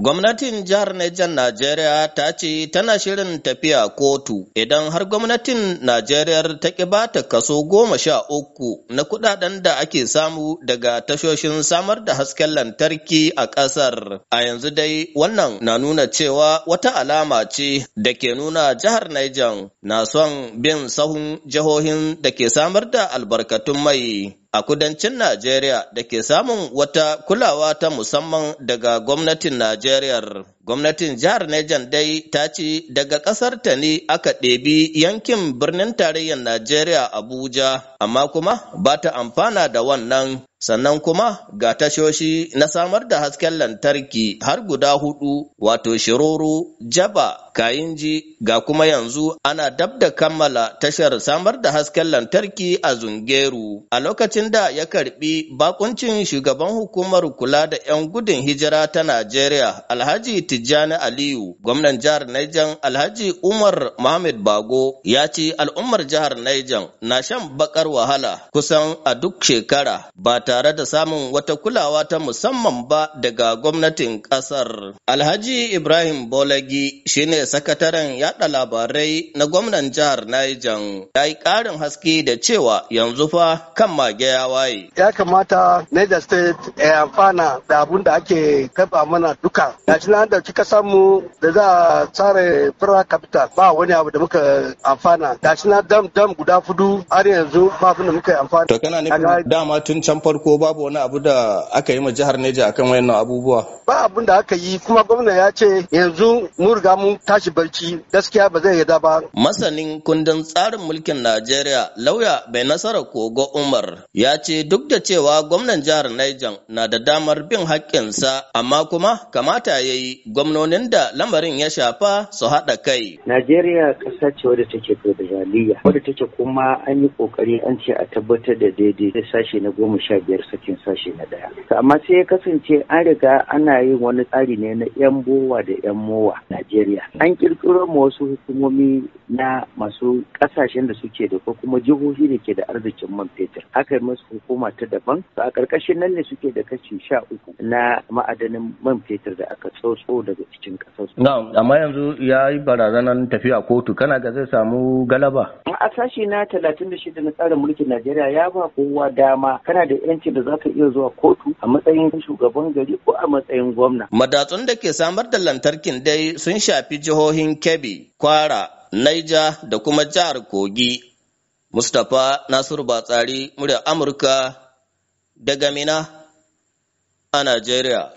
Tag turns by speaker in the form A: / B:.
A: Gwamnatin jihar Nijar Najeriya ta ce tana shirin tafiya kotu idan har gwamnatin Najeriya ta ƙi bata kaso goma sha uku na kudaden da ake samu daga tashoshin samar da hasken lantarki a ƙasar. A yanzu dai wannan na nuna cewa wata alama ce da ke nuna jihar Nijar na son bin sahun jihohin da ke samar da albarkatun mai a kudancin Najeriya da ke samun wata kulawa ta musamman daga gwamnatin Najeriya. Gwamnatin jihar Nejan dai ta ce daga ƙasar ta ne aka ɗebi yankin birnin tarayyar Najeriya Abuja, amma kuma ba ta amfana da wannan sannan kuma ga tashoshi na samar da hasken lantarki har guda hudu wato shiroro jaba kayinji ga kuma yanzu ana dab da kammala tashar samar da hasken lantarki a zungeru a lokacin da ya karbi bakuncin shugaban hukumar kula da 'yan gudun hijira ta najeriya alhaji Tijjani Aliyu, gwamnan jihar Naijan Alhaji Umar Mohammed Bago ya ce al'ummar jihar Naijan na shan bakar wahala kusan a duk shekara ba tare da samun wata kulawa ta musamman ba daga gwamnatin kasar. Alhaji Ibrahim Bolagi shine sakataren yada labarai na gwamnan jihar Naijan ya yi ƙarin haske da cewa yanzu fa kan mage ya waye.
B: Ya kamata Niger State ya amfana da abun da ake kafa mana duka. Gashi nan da ɗauki kasa mu da za a tsare federal capital ba wani abu da muka amfana shi na dam dam guda fudu har yanzu ba abin da muka amfana to kana nufin
A: dama tun can farko babu wani abu da aka yi ma jihar Neja akan wayannan abubuwa ba abin da aka yi kuma
B: gwamna ya ce yanzu mun riga mun tashi barci gaskiya ba zai yarda ba
A: masanin kundin tsarin mulkin Najeriya lauya bai nasara kogo Umar ya ce duk da cewa gwamnan jihar Niger na da damar bin haƙƙinsa amma kuma kamata ya yi gwamnonin da lamarin ya shafa su haɗa kai.
B: Najeriya ƙasa ce wadda take federaliya, wadda take kuma an yi ƙoƙari an ce a tabbatar da daidai da sashe na goma sha biyar sakin sashe na ɗaya. Amma sai ya kasance an riga ana yin wani tsari ne na 'yan bowa da 'yan mowa Najeriya. An ƙirƙiro ma wasu hukumomi na masu ƙasashen da suke da ko kuma jihohi da ke da arzikin man fetur. Aka yi masu hukuma ta daban, a ƙarƙashin nan ne suke da kashi sha uku na ma'adanin man fetur da aka tsotso daga cikin kasar su.
A: Na'am, amma yanzu ya yi barazanar tafiya kotu kana ga zai samu galaba.
B: A sashi na talatin da shida na tsarin mulkin Najeriya ya ba kowa dama kana da yanci da za ka iya zuwa kotu a matsayin shugaban gari ko a matsayin gwamna.
A: Madatsun da ke samar da lantarkin dai sun shafi jihohin Kebbi, Kwara, Naija da kuma jihar Kogi. Mustapha Nasiru Batsari, murya Amurka daga Mina a Najeriya.